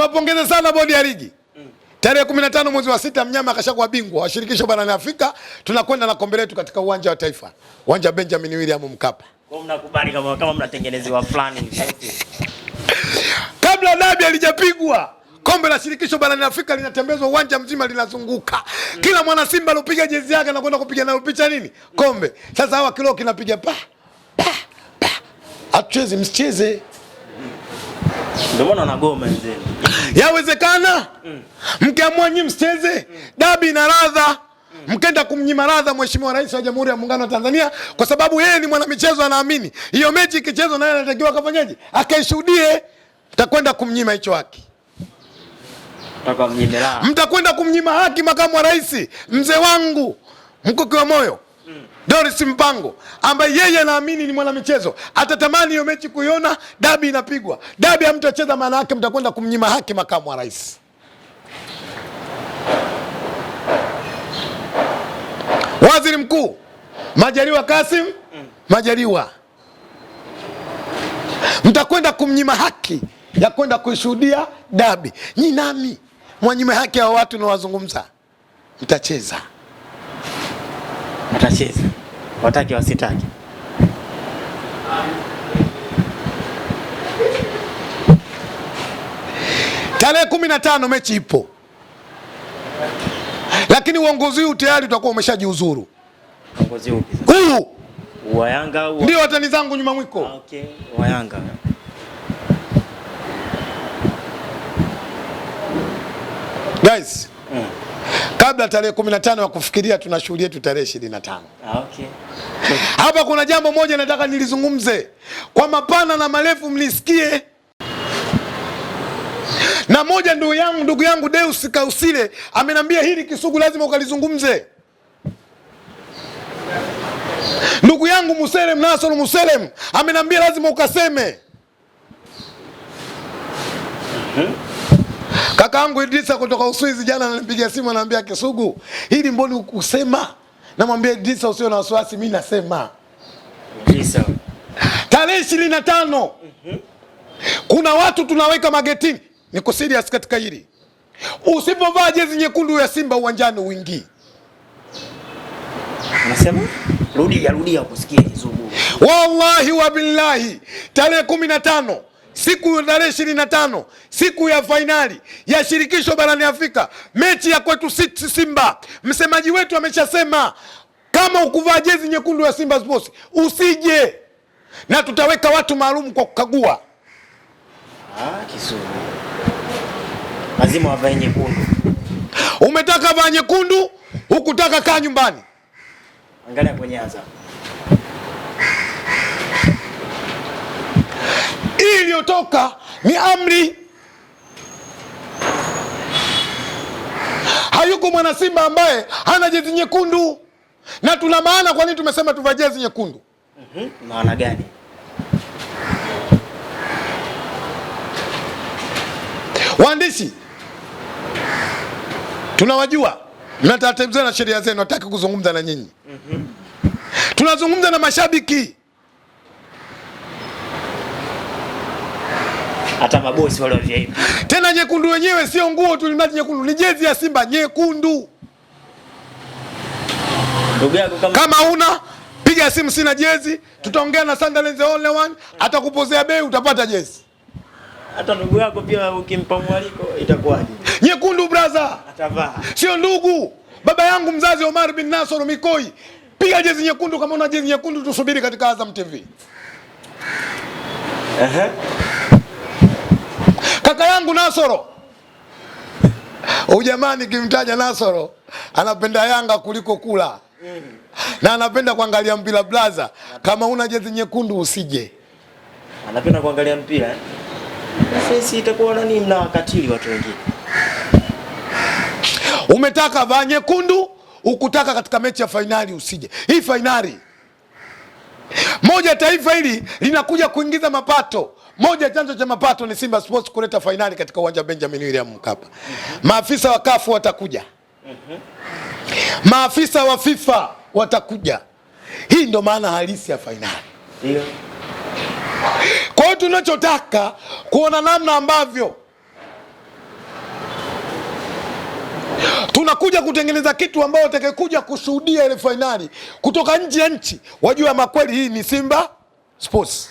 Niwapongeze sana bodi ya ligi. Tarehe 15 mwezi wa sita mnyama akashakuwa bingwa wa shirikisho barani Afrika. Tunakwenda na kombe letu katika uwanja wa Taifa, uwanja wa Benjamin William Mkapa. Kwa mnakubali kama kama mnatengenezewa fulani. Kabla dabi alijapigwa kombe la shirikisho barani Afrika linatembezwa uwanja mzima linazunguka. Mm. Kila mwana Simba alopiga jezi yake anakwenda kupiga nayo picha nini? Kombe. Sasa hawa kiloo kinapiga pa. Pa. Pa. Atucheze msicheze. Ndio maana wanagoma nzeni. Yawezekana mm. mkiamua nyi msicheze mm. dabi na radha mm. mkenda kumnyima radha Mheshimiwa Rais wa Jamhuri ya Muungano wa Tanzania, kwa sababu yeye ni mwanamichezo, anaamini hiyo mechi ikichezwa naye anatakiwa akafanyaje? Akaishuhudie. Mtakwenda kumnyima hicho haki, mtakwenda kumnyima haki makamu wa rais. Mzee wangu, mkuki wa moyo Doris Mpango ambaye yeye anaamini ni mwanamichezo atatamani hiyo mechi kuiona, dabi inapigwa. Dabi hamtacheza, maana yake mtakwenda kumnyima haki makamu wa rais. Waziri Mkuu Majaliwa Kasim Majaliwa, mtakwenda kumnyima haki ya kwenda kuishuhudia dabi. Nyi nami mwanyime haki ya watu nawazungumza, mtacheza mtacheza watake wasitake. Tarehe kumi na tano mechi ipo, lakini uongozi huu tayari utakuwa umeshajiuzuru huu wa Yanga au ndio watani zangu nyuma mwiko? Ah, okay, wa Yanga guys kabla tarehe 15 ya kufikiria, tuna shughuli yetu tarehe 25. Ah, okay. Hapa kuna jambo moja nataka nilizungumze kwa mapana na marefu, mlisikie. Na moja ndugu yangu, ndugu yangu Deus Kausile amenambia hili Kisugu lazima ukalizungumze. Ndugu yangu Muselem Nasoro Muselem amenambia lazima ukaseme. Mhm. Kakaangu Idrisa kutoka Uswizi jana ananipigia simu ananiambia, Kisugu, hili mboni ukusema? Namwambia Idrisa, usio na wasiwasi, mimi nasema Idrisa. Tarehe ishirini na tano mm -hmm. kuna watu tunaweka magetini, ni serious katika hili. Usipovaa jezi nyekundu ya Simba uwanjani uingii. Nasema rudia rudia, kusikia Kisugu, wallahi billahi tarehe kumi na tano siku ya tarehe ishirini na tano siku ya fainali ya shirikisho barani Afrika, mechi ya kwetu Simba. Msemaji wetu ameshasema kama ukuvaa jezi nyekundu ya Simba Sports usije, na tutaweka watu maalum kwa kukagua. Ah, kisuri lazima wavae nyekundu. Umetaka vaa nyekundu, hukutaka kaa nyumbani. Angalia kwenye Azam Hii iliyotoka ni amri, hayuko mwana Simba ambaye hana jezi nyekundu, na tuna maana. Kwa nini tumesema tuvae jezi nyekundu? mm -hmm. maana gani? Waandishi tunawajua, mna taratibu zenu na sheria zenu, nataka kuzungumza na nyinyi. mm tunazungumza na mashabiki hata mabosi wale wa VIP. Tena nyekundu wenyewe sio nguo tu, ni nyekundu, ni jezi ya Simba nyekundu. Ndugu yako kama kama una piga simu, sina jezi, tutaongea na Sunderland the only one, atakupozea bei, utapata jezi. Hata ndugu yako pia ukimpa mwaliko itakuwaje? Nyekundu brother, atavaa. Sio ndugu, baba yangu mzazi Omar bin Nasoro Mikoi, piga jezi nyekundu. Kama una jezi nyekundu, tusubiri katika Azam TV. Ehe. Uh -huh yangu Nasoro. Ujamani, kimtaja Nasoro anapenda Yanga kuliko kula na anapenda kuangalia mpira blaza. Kama una jezi nyekundu usije, anapenda kuangalia mpira eh? Sisi itakuwa nani, mna wakatili watu wengine. Umetaka vaa nyekundu, ukutaka katika mechi ya fainali usije. Hii fainali moja, taifa hili linakuja kuingiza mapato moja ya chanzo cha mapato ni Simba Sports kuleta fainali katika uwanja wa Benjamin William Mkapa. Maafisa wa kafu watakuja, maafisa wa FIFA watakuja. Hii ndo maana halisi ya fainali. Kwa hiyo tunachotaka kuona namna ambavyo tunakuja kutengeneza kitu ambayo watakayekuja kushuhudia ile fainali kutoka nje ya nchi wajue makweli, hii ni Simba Sports.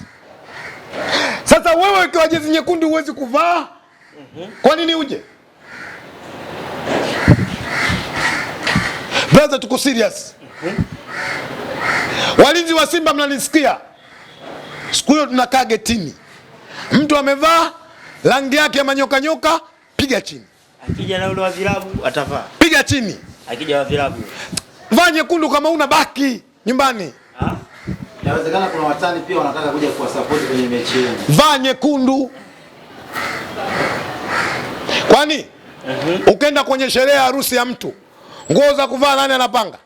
Sasa wewe ukiwa jezi nyekundu huwezi kuvaa, mhm. kwa nini uje? Brother, tuko serious. Mhm. Walinzi wa Simba mnanisikia? Siku hiyo tunakaa getini, mtu amevaa rangi yake ya manyoka nyoka, piga chini. Akija na ule wa vilabu atavaa, piga chini. Akija wa vilabu vaa nyekundu, kama una baki nyumbani ha? Ah? Inawezekana kuna watani pia wanataka kuja kuwasapoti kwenye mechi yenu. Vaa nyekundu. Kwani mhm. ukenda kwenye sherehe ya harusi ya mtu, nguo za kuvaa nani anapanga?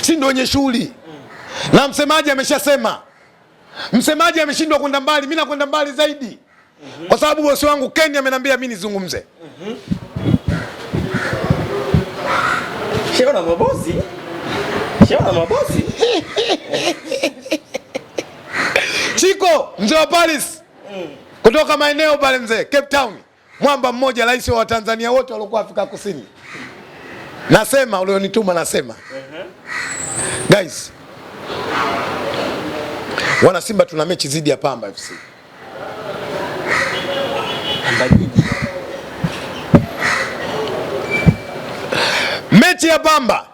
Si ndio wenye shughuli? Mm. Na msemaji ameshasema, msemaji ameshindwa kwenda mbali. Mimi nakwenda mbali zaidi mhm. kwa sababu bosi wangu Kenya amenambia mimi nizungumze. Mhm. Sheona mabosi Chiko mzee wa Paris mm. kutoka maeneo pale mzee Cape Town, mwamba mmoja, rais wa Watanzania wote waliokuwa Afrika Kusini. Nasema ulionituma nasema uh -huh. Guys, wana Simba tuna mechi zidi ya Pamba FC mechi ya Pamba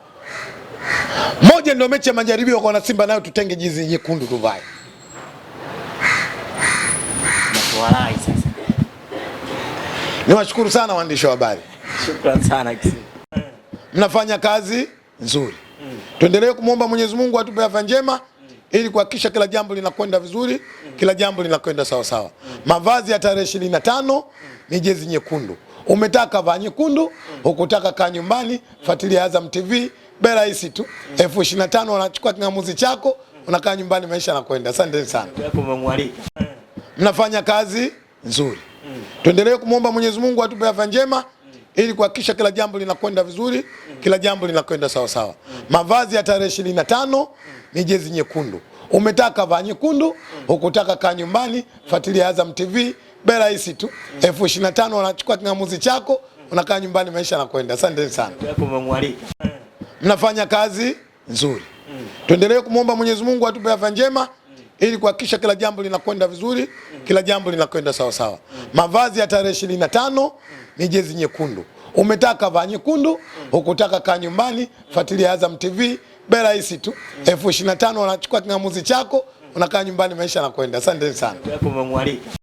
moja ndio mechi ya majaribio kwa Simba, nayo tutenge jezi nyekundu tuvae sasa. Niwashukuru sana waandishi wa habari, shukrani sana kisi, mnafanya kazi nzuri mm. Tuendelee kumwomba Mwenyezi Mungu atupe afya njema mm. ili kuhakikisha kila jambo linakwenda vizuri mm. kila jambo linakwenda sawa sawa mm. Mavazi ya tarehe ishirini na tano mm. ni jezi nyekundu, umetaka vaa nyekundu mm. hukutaka kaa nyumbani mm. fuatilia Azam TV bei rahisi tu elfu ishirini na tano unachukua kingamuzi chako unakaa nyumbani, maisha yanakwenda. Asanteni sana, mnafanya kazi nzuri. Tuendelee kumwomba Mwenyezi Mungu atupe afya njema ili kuhakikisha kila jambo linakwenda vizuri, kila jambo linakwenda sawa sawa. Mavazi ya tarehe ishirini na tano ni jezi nyekundu. Umetaka vaa nyekundu, hukutaka kaa nyumbani, fuatilia Azam TV. Bei rahisi tu elfu ishirini na tano unachukua kingamuzi chako unakaa nyumbani, maisha yanakwenda. Asanteni sana mnafanya kazi nzuri. Mm. Tuendelee kumwomba Mwenyezi Mungu atupe afya njema mm. ili kuhakikisha kila jambo linakwenda vizuri mm. kila jambo linakwenda sawa sawa. Mm. Mavazi ya tarehe ishirini na tano mm. ni jezi nyekundu. Umetaka vaa nyekundu, mm. hukutaka kaa nyumbani, mm. fuatilia Azam TV, bei rahisi tu. elfu ishirini na tano unachukua king'amuzi chako, unakaa nyumbani, maisha yanakwenda. Asante sana.